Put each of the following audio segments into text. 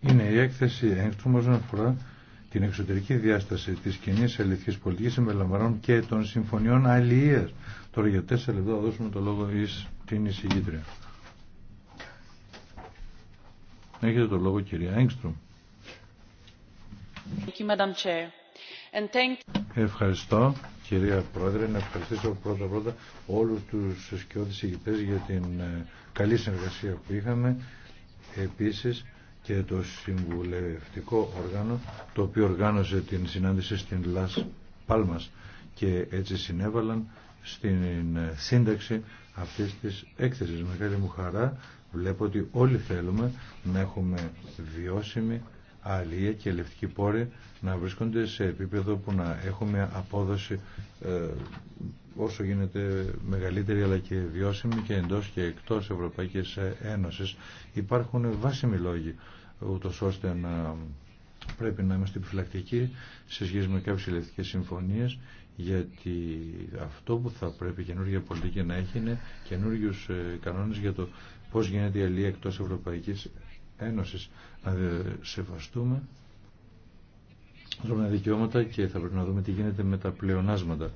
Είναι η έκθεση έγκριτου όσον αφορά την εξωτερική διάσταση τη κοινή ελληνική πολιτική συμπεριλαμβανών και των συμφωνιών αλληλεία. Τώρα για τέσσερα λεπτά θα δώσουμε το λόγο ει την εισηγήτρια. Έχετε το λόγο κυρία Έγκστρομ. Ευχαριστώ κυρία Πρόεδρε, να ευχαριστήσω πρώτα πρώτα όλους τους σκιώδης ηγητές για την ε, καλή συνεργασία που είχαμε. Επίσης και το συμβουλευτικό όργανο το οποίο οργάνωσε την συνάντηση στην Λας Πάλμας και έτσι συνέβαλαν στην ε, σύνταξη αυτής της έκθεσης. Μεγάλη μου χαρά βλέπω ότι όλοι θέλουμε να έχουμε βιώσιμη αλληλεία και ελευτική πόρη να βρίσκονται σε επίπεδο που να έχουμε απόδοση ε, όσο γίνεται μεγαλύτερη αλλά και βιώσιμη και εντός και εκτός Ευρωπαϊκής Ένωσης. Υπάρχουν βάσιμοι λόγοι ούτως ώστε να πρέπει να είμαστε επιφυλακτικοί σε σχέση με κάποιες ελευθερικές συμφωνίες γιατί αυτό που θα πρέπει η καινούργια πολιτική να έχει είναι καινούριου ε, κανόνες για το πώς γίνεται η αλληλεία εκτός Ευρωπαϊκής Ένωσης. Να σεβαστούμε ανθρώπινα δικαιώματα και θα πρέπει να δούμε τι γίνεται με τα πλεονάσματα.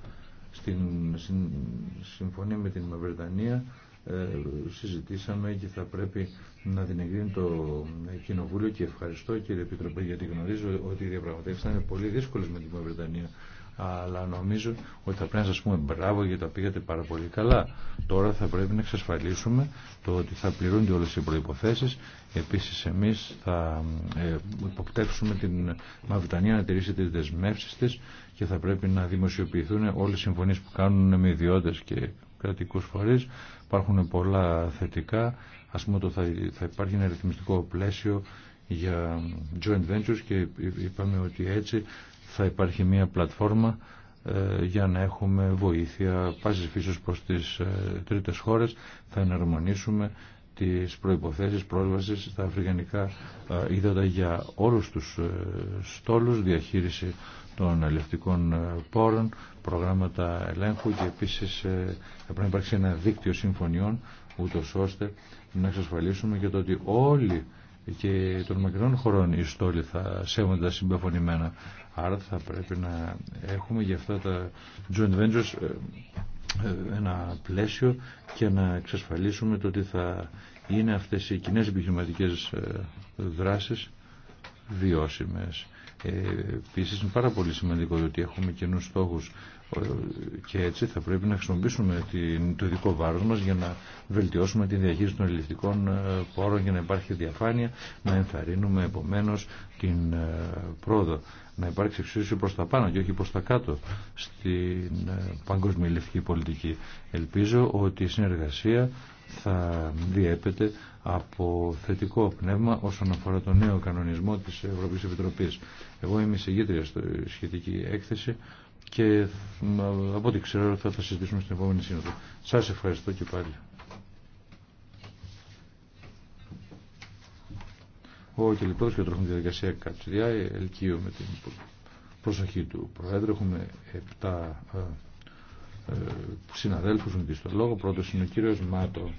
Στην συμφωνία με την Βρετανία ε, συζητήσαμε και θα πρέπει να την εγκρίνει το Κοινοβούλιο και ευχαριστώ κύριε Επιτροπή γιατί γνωρίζω ότι οι διαπραγματεύσεις θα είναι πολύ δύσκολε με την Βρετανία αλλά νομίζω ότι θα πρέπει να σας πούμε μπράβο γιατί τα πήγατε πάρα πολύ καλά. Τώρα θα πρέπει να εξασφαλίσουμε το ότι θα πληρούνται όλες οι προϋποθέσεις. Επίσης εμείς θα ε, υποπτεύσουμε την Μαυριτανία να τηρήσει τις δεσμεύσεις της και θα πρέπει να δημοσιοποιηθούν όλες οι συμφωνίες που κάνουν με ιδιώτες και κρατικούς φορείς. Υπάρχουν πολλά θετικά. Ας πούμε ότι θα, θα υπάρχει ένα ρυθμιστικό πλαίσιο για joint ventures και είπαμε ότι έτσι θα υπάρχει μια πλατφόρμα ε, για να έχουμε βοήθεια πάσης φύσης προς τις ε, τρίτες χώρες. Θα εναρμονίσουμε τις προϋποθέσεις πρόσβασης στα αφρικανικά είδατα για όλους τους ε, στόλους, διαχείριση των αλληλευτικών ε, πόρων, προγράμματα ελέγχου και επίσης ε, θα πρέπει να υπάρξει ένα δίκτυο συμφωνιών ούτω ώστε να εξασφαλίσουμε και το ότι όλοι και των μακρινών χωρών οι στόλοι θα σέβονται τα συμπεφωνημένα. Άρα θα πρέπει να έχουμε για αυτά τα joint ventures ε, ένα πλαίσιο και να εξασφαλίσουμε το ότι θα είναι αυτές οι κοινέ επιχειρηματικέ δράσεις βιώσιμες. Επίση είναι πάρα πολύ σημαντικό ότι έχουμε κοινού στόχου ε, και έτσι θα πρέπει να χρησιμοποιήσουμε το ειδικό βάρο μα για να βελτιώσουμε τη διαχείριση των ελληνικών ε, πόρων για να υπάρχει διαφάνεια, να ενθαρρύνουμε επομένω την ε, πρόοδο, να υπάρξει εξουσία προ τα πάνω και όχι προ τα κάτω στην παγκόσμια πολιτική. Ελπίζω ότι η συνεργασία θα διέπεται από θετικό πνεύμα όσον αφορά το νέο κανονισμό της Ευρωπαϊκής Επιτροπής. Εγώ είμαι εισηγήτρια στο σχετική έκθεση και από ό,τι ξέρω θα τα συζητήσουμε στην επόμενη σύνοδο. Σας ευχαριστώ και πάλι. Ο λοιπόν και τρόφιμο διαδικασία Κατσουδιά ελκύω με την προσοχή του Προέδρου. Έχουμε 7 ε, συναδέλφους μου στο λόγο. Πρώτος είναι ο κύριος Μάτο.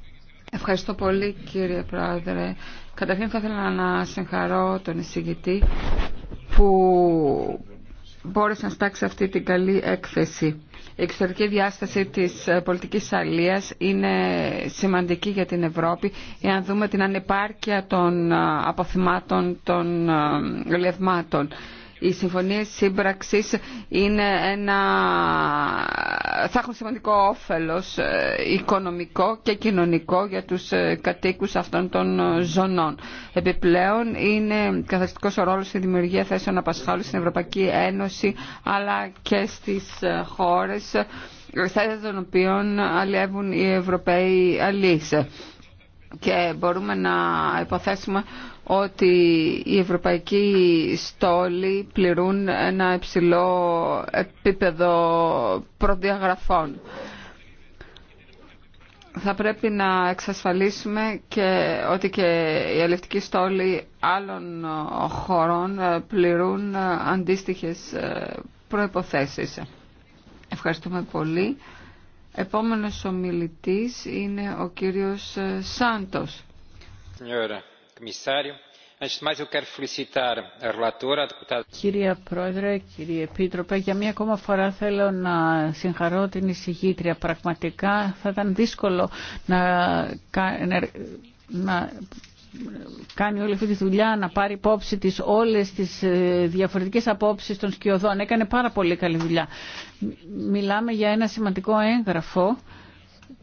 Ευχαριστώ πολύ κύριε Πρόεδρε. Καταρχήν θα ήθελα να συγχαρώ τον εισηγητή που μπόρεσε να στάξει αυτή την καλή έκθεση. Η εξωτερική διάσταση της ε, πολιτικής αλίας είναι σημαντική για την Ευρώπη εάν δούμε την ανεπάρκεια των ε, αποθυμάτων των λευμάτων οι συμφωνίες σύμπραξης είναι ένα... θα έχουν σημαντικό όφελος ε, οικονομικό και κοινωνικό για τους ε, κατοίκους αυτών των ε, ζωνών. Επιπλέον είναι καθαριστικός ο ρόλος στη δημιουργία θέσεων απασχόλου στην Ευρωπαϊκή Ένωση αλλά και στις χώρες στα των οποίων αλλιεύουν οι Ευρωπαίοι αλείς και μπορούμε να υποθέσουμε ότι οι ευρωπαϊκοί στόλοι πληρούν ένα υψηλό επίπεδο προδιαγραφών. Θα πρέπει να εξασφαλίσουμε και ότι και οι ελευτικοί στόλοι άλλων χωρών πληρούν αντίστοιχες προϋποθέσεις. Ευχαριστούμε πολύ. Επόμενος ομιλητής είναι ο κύριος ε, Σάντος. Κύριε Πρόεδρε, κύριε Επίτροπε, για μία ακόμα φορά θέλω να συγχαρώ την εισηγήτρια. Πραγματικά θα ήταν δύσκολο να, να κάνει όλη αυτή τη δουλειά, να πάρει υπόψη της όλες τις ε, διαφορετικές απόψεις των σκιωδών. Έκανε πάρα πολύ καλή δουλειά. Μιλάμε για ένα σημαντικό έγγραφο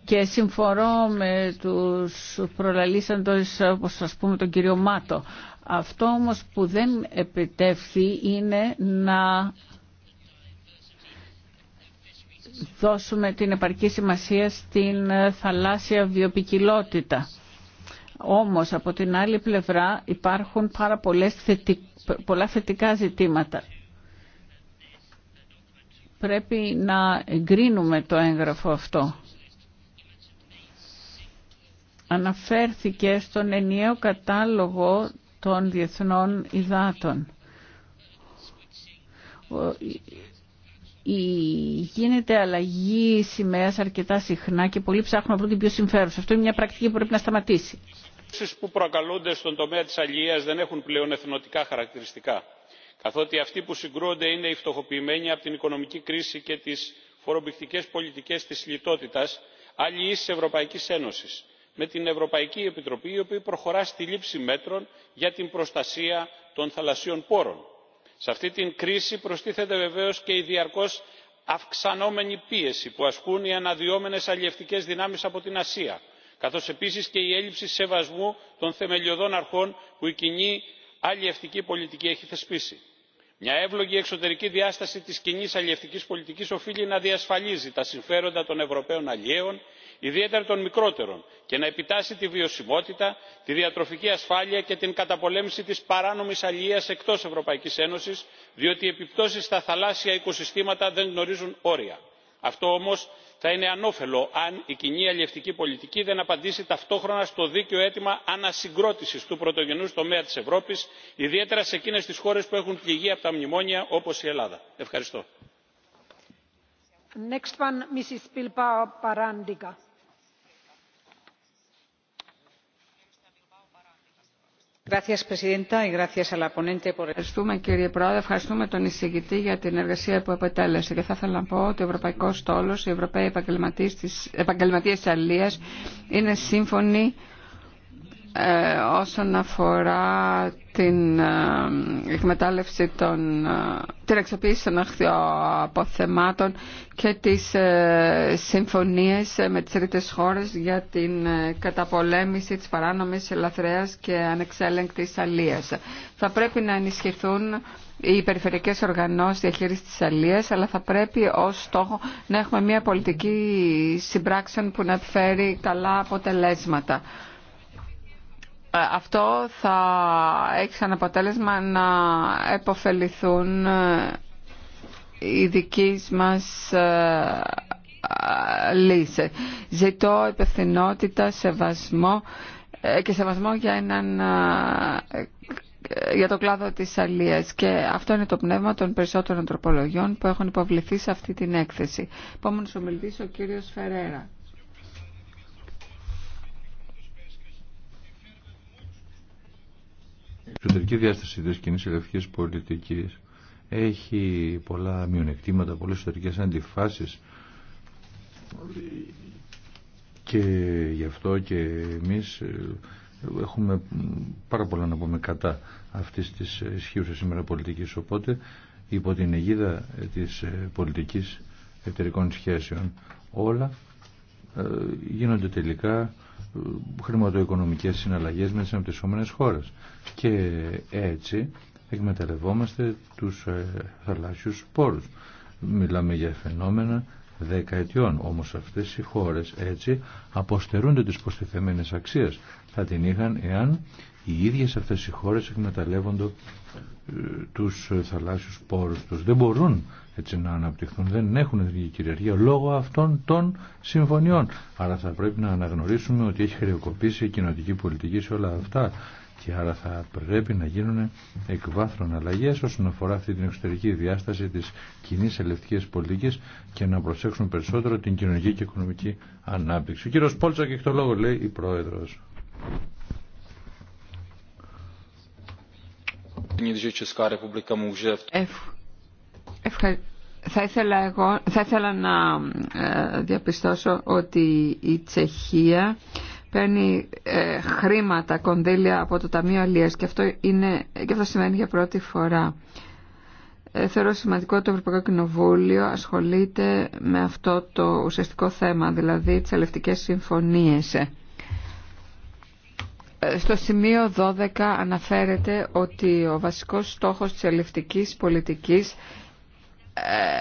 και συμφορώ με τους προλαλήσαντες, όπως ας πούμε τον κύριο Μάτο. Αυτό όμως που δεν επιτεύχθη είναι να δώσουμε την επαρκή σημασία στην θαλάσσια βιοπικιλότητα. Όμως από την άλλη πλευρά υπάρχουν πάρα πολλές πολλά θετικά ζητήματα. Πρέπει να εγκρίνουμε το έγγραφο αυτό. Αναφέρθηκε στον ενιαίο κατάλογο των διεθνών υδάτων γίνεται αλλαγή σημαία αρκετά συχνά και πολλοί ψάχνουν να βρουν την πιο συμφέρουσα. Αυτό είναι μια πρακτική που πρέπει να σταματήσει. Οι που προκαλούνται στον τομέα τη αλληλεία δεν έχουν πλέον εθνοτικά χαρακτηριστικά, καθότι αυτοί που συγκρούονται είναι οι φτωχοποιημένοι από την οικονομική κρίση και τι φορομπηχτικέ πολιτικέ τη λιτότητα αλληλή τη Ευρωπαϊκή Ένωση, με την Ευρωπαϊκή Επιτροπή η οποία προχωρά στη λήψη μέτρων για την προστασία των θαλασσίων πόρων σε αυτή την κρίση προστίθεται βεβαίως και η διαρκώς αυξανόμενη πίεση που ασκούν οι αναδυόμενες αλλιευτικές δυνάμεις από την ασία καθώς επίσης και η έλλειψη σεβασμού των θεμελιωδών αρχών που η κοινή αλλιευτική πολιτική έχει θεσπίσει. μια εύλογη εξωτερική διάσταση της κοινή αλλιευτικής πολιτικής οφείλει να διασφαλίζει τα συμφέροντα των ευρωπαίων αλλιέων ιδιαίτερα των μικρότερων και να επιτάσσει τη βιωσιμότητα τη διατροφική ασφάλεια και την καταπολέμηση της παράνομης αλληλείας εκτός ευρωπαϊκής ένωσης διότι οι επιπτώσεις στα θαλάσσια οικοσυστήματα δεν γνωρίζουν όρια. αυτό όμως θα είναι ανώφελο αν η κοινή αλλιευτική πολιτική δεν απαντήσει ταυτόχρονα στο δίκαιο αίτημα ανασυγκρότησης του πρωτογενούς τομέα της ευρώπης ιδιαίτερα σε εκείνες τις χώρες που έχουν πληγεί από τα μνημόνια όπως η ελλάδα. ευχαριστώ. Ευχαριστούμε κύριε Πρόεδρε, ευχαριστούμε τον εισηγητή για την εργασία που επετέλεσε και θα ήθελα να πω ότι ο Ευρωπαϊκός Τόλος η Ευρωπαϊκή επαγγελματίες της, επαγγελματίες είναι σύμφωνη ε, όσον αφορά την ε, εκμετάλλευση των, ε, την εξοπλίση των αποθεμάτων και τις συμφωνίες με τις τρίτες χώρες για την καταπολέμηση της παράνομης ελαθρέας και ανεξέλεγκτης αλίας. Θα πρέπει να ενισχυθούν οι περιφερειακές οργανώσεις διαχείρισης της αλίας, αλλά θα πρέπει ως στόχο να έχουμε μια πολιτική συμπράξεων που να φέρει καλά αποτελέσματα. Ε, αυτό θα έχει σαν αποτέλεσμα να επωφεληθούν ε, οι δικοί μας ε, λύσει. Ζητώ υπευθυνότητα, σεβασμό και σεβασμό για, έναν, για το κλάδο της αλίας και αυτό είναι το πνεύμα των περισσότερων τροπολογιών που έχουν υποβληθεί σε αυτή την έκθεση. Επόμενος ομιλητής ο κύριος Φερέρα. εξωτερική διάσταση της κοινής ελευθερικής πολιτικής έχει πολλά μειονεκτήματα, πολλές εσωτερικές αντιφάσεις και γι' αυτό και εμείς ε, έχουμε πάρα πολλά να πούμε κατά αυτής της ισχύουσα σήμερα πολιτικής οπότε υπό την αιγίδα της ε, πολιτικής εταιρικών σχέσεων όλα ε, γίνονται τελικά ε, χρηματοοικονομικές συναλλαγές με τις αναπτυσσόμενες χώρες. Και έτσι εκμεταλλευόμαστε τους ε, θαλάσσιους πόρους. Μιλάμε για φαινόμενα δεκαετιών. Όμως αυτές οι χώρες έτσι αποστερούνται τις προστιθεμένες αξίες. Θα την είχαν εάν οι ίδιες αυτές οι χώρες εκμεταλλεύονται ε, τους ε, θαλάσσιους πόρους τους. Δεν μπορούν έτσι να αναπτυχθούν, δεν έχουν την κυριαρχία λόγω αυτών των συμφωνιών. Άρα θα πρέπει να αναγνωρίσουμε ότι έχει χρεοκοπήσει η κοινωτική πολιτική σε όλα αυτά και άρα θα πρέπει να γίνουν εκβάθρων αλλαγέ όσον αφορά αυτή την εξωτερική διάσταση τη κοινή ελευθερική πολιτική και να προσέξουν περισσότερο την κοινωνική και οικονομική ανάπτυξη. Ο κύριο Πόλτσακ, έχει το λόγο, λέει η πρόεδρο. Θα ήθελα, θα να διαπιστώσω ότι η Τσεχία παίρνει χρήματα, κονδύλια από το Ταμείο Αλίας και αυτό, είναι, και αυτό σημαίνει για πρώτη φορά. θεωρώ σημαντικό ότι το Ευρωπαϊκό Κοινοβούλιο ασχολείται με αυτό το ουσιαστικό θέμα, δηλαδή τις αλευτικές συμφωνίες. Στο σημείο 12 αναφέρεται ότι ο βασικός στόχος της ελευτικής πολιτικής ε,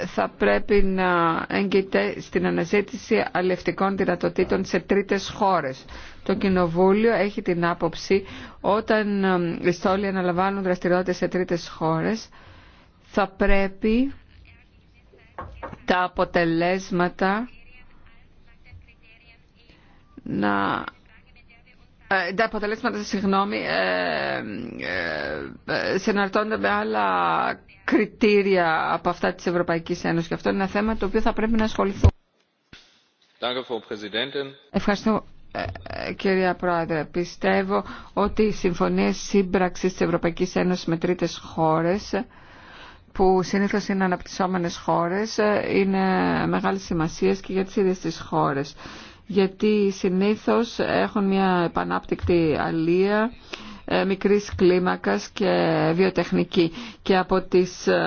ε, θα πρέπει να εγκείται στην αναζήτηση αλευτικών δυνατοτήτων σε τρίτες χώρες. Το Κοινοβούλιο έχει την άποψη όταν ε, οι στόλοι αναλαμβάνουν δραστηριότητες σε τρίτες χώρες θα πρέπει τα αποτελέσματα να ε, τα αποτελέσματα, συγγνώμη, ε, ε, συναρτώνται με άλλα κριτήρια από αυτά της Ευρωπαϊκής Ένωσης και αυτό είναι ένα θέμα το οποίο θα πρέπει να ασχοληθούμε. Ευχαριστώ κυρία Πρόεδρε. Πιστεύω ότι οι συμφωνίες σύμπραξης της Ευρωπαϊκής Ένωσης με τρίτες χώρες που συνήθως είναι αναπτυσσόμενες χώρες είναι μεγάλη σημασία και για τις ίδιες τις χώρες γιατί συνήθως έχουν μια επανάπτυκτη αλία ε, μικρής κλίμακας και βιοτεχνική και από, τις, ε,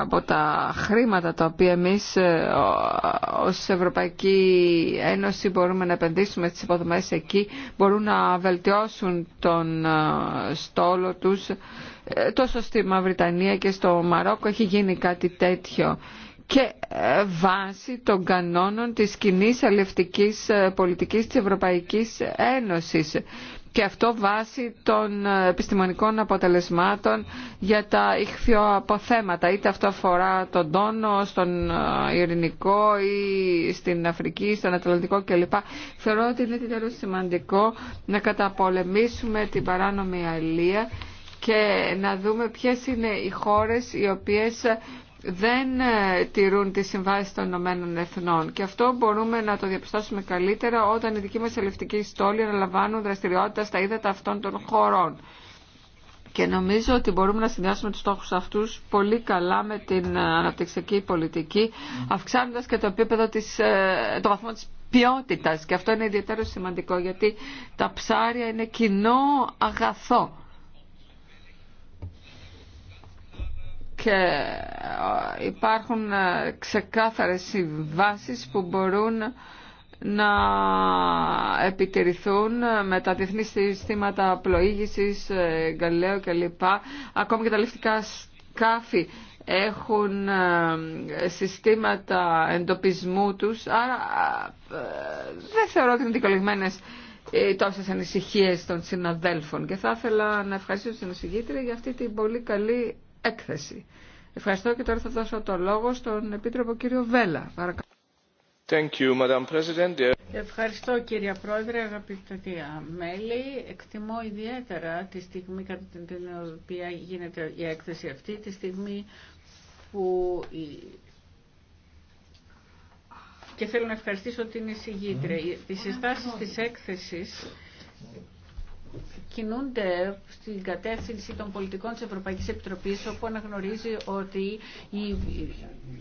από τα χρήματα τα οποία εμείς ε, ως Ευρωπαϊκή Ένωση μπορούμε να επενδύσουμε στις υποδομές εκεί μπορούν να βελτιώσουν τον στόλο τους τόσο στη Μαυριτανία και στο Μαρόκο έχει γίνει κάτι τέτοιο και ε, βάση των κανόνων της κοινή αλευτικής ε, πολιτικής της Ευρωπαϊκής Ένωσης και αυτό βάσει των ε, επιστημονικών αποτελεσμάτων για τα ηχθειοαποθέματα, είτε αυτό αφορά τον τόνο, στον ειρηνικό ή στην Αφρική, στον Ατλαντικό κλπ. Θεωρώ ότι είναι τελείως σημαντικό να καταπολεμήσουμε την παράνομη αλία και να δούμε ποιες είναι οι χώρες οι οποίες δεν ε, τηρούν τις συμβάσεις των Ηνωμένων Εθνών και αυτό μπορούμε να το διαπιστώσουμε καλύτερα όταν οι δικοί μας ελευτικοί στόλοι αναλαμβάνουν δραστηριότητα στα ύδατα αυτών των χωρών. Και νομίζω ότι μπορούμε να συνδυάσουμε τους στόχους αυτούς πολύ καλά με την ε, αναπτυξιακή πολιτική, αυξάνοντας και το επίπεδο ε, το βαθμό της ποιότητας. Και αυτό είναι ιδιαίτερο σημαντικό, γιατί τα ψάρια είναι κοινό αγαθό και ε, υπάρχουν ε, ξεκάθαρες συμβάσεις που μπορούν να επιτηρηθούν με τα διεθνή συστήματα πλοήγησης, ε, γκαλιλαίο κλπ. Ακόμη και τα λεφτικά σκάφη έχουν συστήματα εντοπισμού τους, άρα δεν θεωρώ ότι είναι δικολογημένες τόσες ανησυχίες των συναδέλφων και θα ήθελα να ευχαριστήσω την εισηγήτρια για αυτή την πολύ καλή έκθεση. Ευχαριστώ και τώρα θα δώσω το λόγο στον Επίτροπο κύριο Βέλα. Thank you, Madam President. Ευχαριστώ κύριε Πρόεδρε, αγαπητοί μέλη. Εκτιμώ ιδιαίτερα τη στιγμή κατά την οποία γίνεται η έκθεση αυτή, τη στιγμή που και θέλω να ευχαριστήσω την εισηγήτρια. Τις συστάσεις της έκθεσης κινούνται στην κατεύθυνση των πολιτικών της Ευρωπαϊκής Επιτροπής όπου αναγνωρίζει ότι οι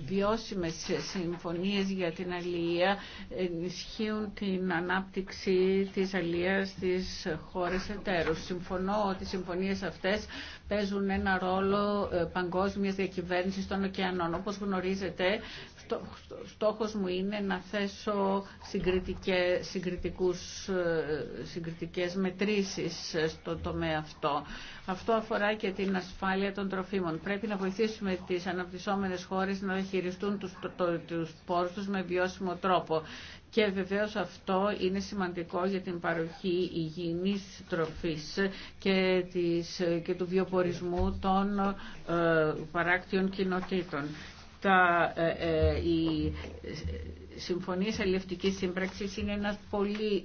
βιώσιμες συμφωνίες για την αλληλεία ενισχύουν την ανάπτυξη της αλληλείας στις χώρες εταίρους. Συμφωνώ ότι οι συμφωνίες αυτές παίζουν ένα ρόλο ε, παγκόσμιας διακυβέρνησης των ωκεανών. Όπως γνωρίζετε, στόχος μου είναι να θέσω συγκριτικές, μετρήσεις στο τομέα αυτό. Αυτό αφορά και την ασφάλεια των τροφίμων. Πρέπει να βοηθήσουμε τις αναπτυσσόμενες χώρες να χειριστούν τους, το, τους πόρους με βιώσιμο τρόπο. Και βεβαίως αυτό είναι σημαντικό για την παροχή υγιεινής τροφής και, της, και του βιοπορισμού των ε, παράκτιων κοινοτήτων τα ε ε και συμφωνίες αλληλευτικής σύμπραξης είναι ένας πολύ,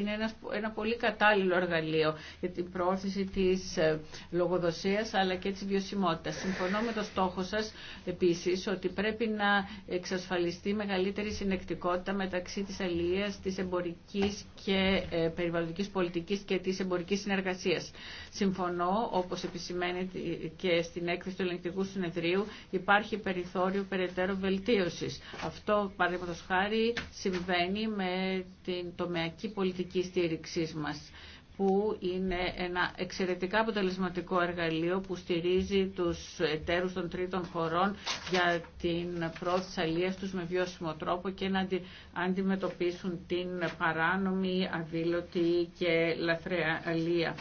είναι ένας, ένα πολύ κατάλληλο εργαλείο για την προώθηση της ε, λογοδοσίας αλλά και της βιωσιμότητας. Συμφωνώ με το στόχο σας επίσης ότι πρέπει να εξασφαλιστεί μεγαλύτερη συνεκτικότητα μεταξύ της αλληλείας, της εμπορικής και ε, περιβαλλοντικής πολιτικής και της εμπορικής συνεργασίας. Συμφωνώ, όπως επισημαίνει και στην έκθεση του ελεγκτικού συνεδρίου, υπάρχει περιθώριο περαιτέρω βελτίωσης. Αυτό, παραδείγματος χάρη συμβαίνει με την τομεακή πολιτική στήριξή μας που είναι ένα εξαιρετικά αποτελεσματικό εργαλείο που στηρίζει τους εταίρους των τρίτων χωρών για την πρόθεση αλίας τους με βιώσιμο τρόπο και να αντιμετωπίσουν την παράνομη, αδήλωτη και λαθρεαλία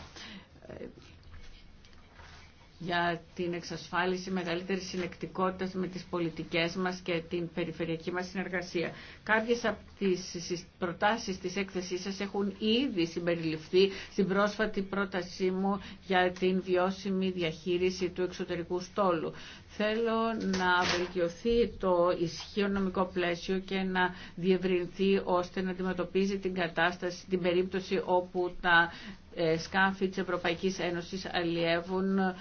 για την εξασφάλιση μεγαλύτερης συνεκτικότητας με τις πολιτικές μας και την περιφερειακή μας συνεργασία. Κάποιες από τις προτάσεις της έκθεσής σας έχουν ήδη συμπεριληφθεί στην πρόσφατη πρότασή μου για την βιώσιμη διαχείριση του εξωτερικού στόλου. Θέλω να βελτιωθεί το ισχύο νομικό πλαίσιο και να διευρυνθεί ώστε να αντιμετωπίζει την κατάσταση, την περίπτωση όπου τα ε, σκάφη της Ευρωπαϊκής Ένωσης αλλιεύουν ε,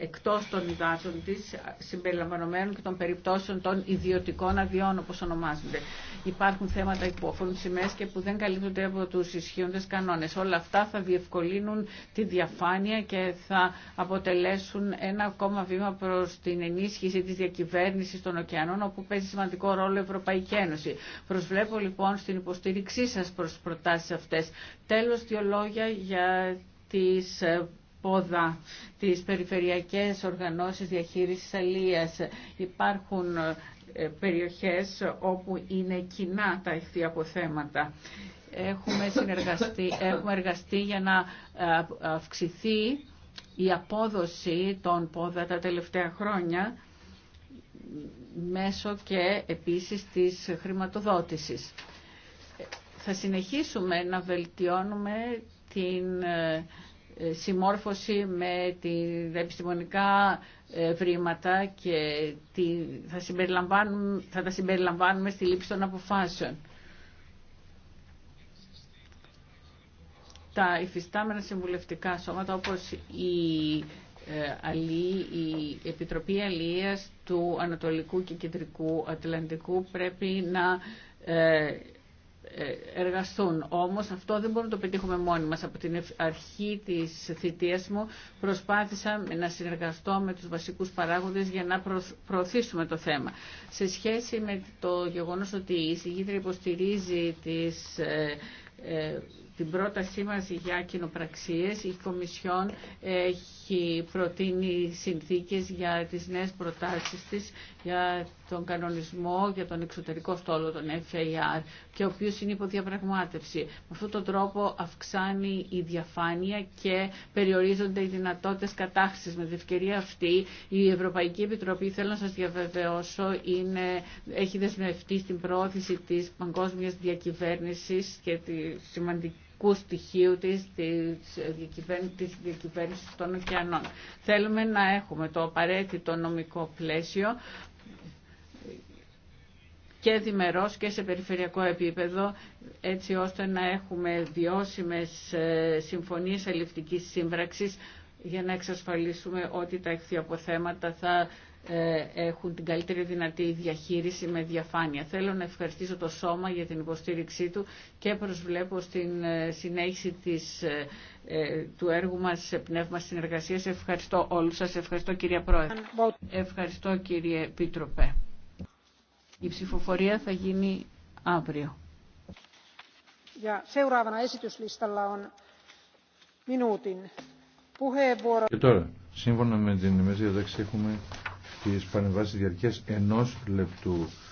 εκτός των υδάτων της συμπεριλαμβανομένων και των περιπτώσεων των ιδιωτικών αδειών όπως ονομάζονται υπάρχουν θέματα που αφορούν σημαίες και που δεν καλύπτονται από τους ισχύοντες κανόνες. Όλα αυτά θα διευκολύνουν τη διαφάνεια και θα αποτελέσουν ένα ακόμα βήμα προς την ενίσχυση της διακυβέρνησης των ωκεανών όπου παίζει σημαντικό ρόλο η Ευρωπαϊκή Ένωση. Προσβλέπω λοιπόν στην υποστήριξή σας προς προτάσεις αυτές. Τέλος, δύο λόγια για τις ε, πόδα, τις περιφερειακές οργανώσεις διαχείρισης αλίας. Υπάρχουν ε, ε, περιοχές όπου είναι κοινά τα ευθεία αποθέματα. Έχουμε, συνεργαστεί, έχουμε εργαστεί για να ε, αυξηθεί η απόδοση των πόδα τα τελευταία χρόνια μέσω και επίσης της χρηματοδότησης. Ε, θα συνεχίσουμε να βελτιώνουμε την συμμόρφωση με τα επιστημονικά ε, βρήματα και θα, θα τα συμπεριλαμβάνουμε στη λήψη των αποφάσεων. Τα υφιστάμενα συμβουλευτικά σώματα όπως η ε, Αλή, η Επιτροπή Αλίας του Ανατολικού και Κεντρικού Ατλαντικού πρέπει να ε, ε, εργαστούν. Όμως αυτό δεν μπορούμε να το πετύχουμε μόνοι μας. Από την αρχή της θητείας μου προσπάθησα να συνεργαστώ με τους βασικούς παράγοντες για να προωθήσουμε το θέμα. Σε σχέση με το γεγονός ότι η συγκίτρια υποστηρίζει ε, ε, την πρότασή μας για κοινοπραξίες, η Κομισιόν έχει προτείνει συνθήκες για τις νέες προτάσεις της, για τον κανονισμό για τον εξωτερικό στόλο, τον FAR, και ο οποίο είναι υποδιαπραγμάτευση. Με αυτόν τον τρόπο αυξάνει η διαφάνεια και περιορίζονται οι δυνατότητε κατάχρηση. Με την ευκαιρία αυτή η Ευρωπαϊκή Επιτροπή, θέλω να σα διαβεβαιώσω, είναι, έχει δεσμευτεί στην πρόθεση της παγκόσμια διακυβέρνηση και τη σημαντική στοιχείου της, της διακυβέρνησης των ωκεανών. Θέλουμε να έχουμε το απαραίτητο νομικό πλαίσιο και διμερός και σε περιφερειακό επίπεδο έτσι ώστε να έχουμε βιώσιμες ε, συμφωνίες αλληλευτικής σύμβραξης για να εξασφαλίσουμε ότι τα αποθέματα θα ε, έχουν την καλύτερη δυνατή διαχείριση με διαφάνεια. Θέλω να ευχαριστήσω το Σώμα για την υποστήριξή του και προσβλέπω στην ε, συνέχιση της, του έργου μας σε πνεύμα συνεργασίας. Ευχαριστώ όλους σας. Ευχαριστώ κύριε Πρόεδρε. Ευχαριστώ κύριε Πίτροπε. Η ψηφοφορία θα γίνει αύριο. Και τώρα, σύμφωνα με την ημερήσια έχουμε τι πανεβάσει διαρκέ ενό λεπτού.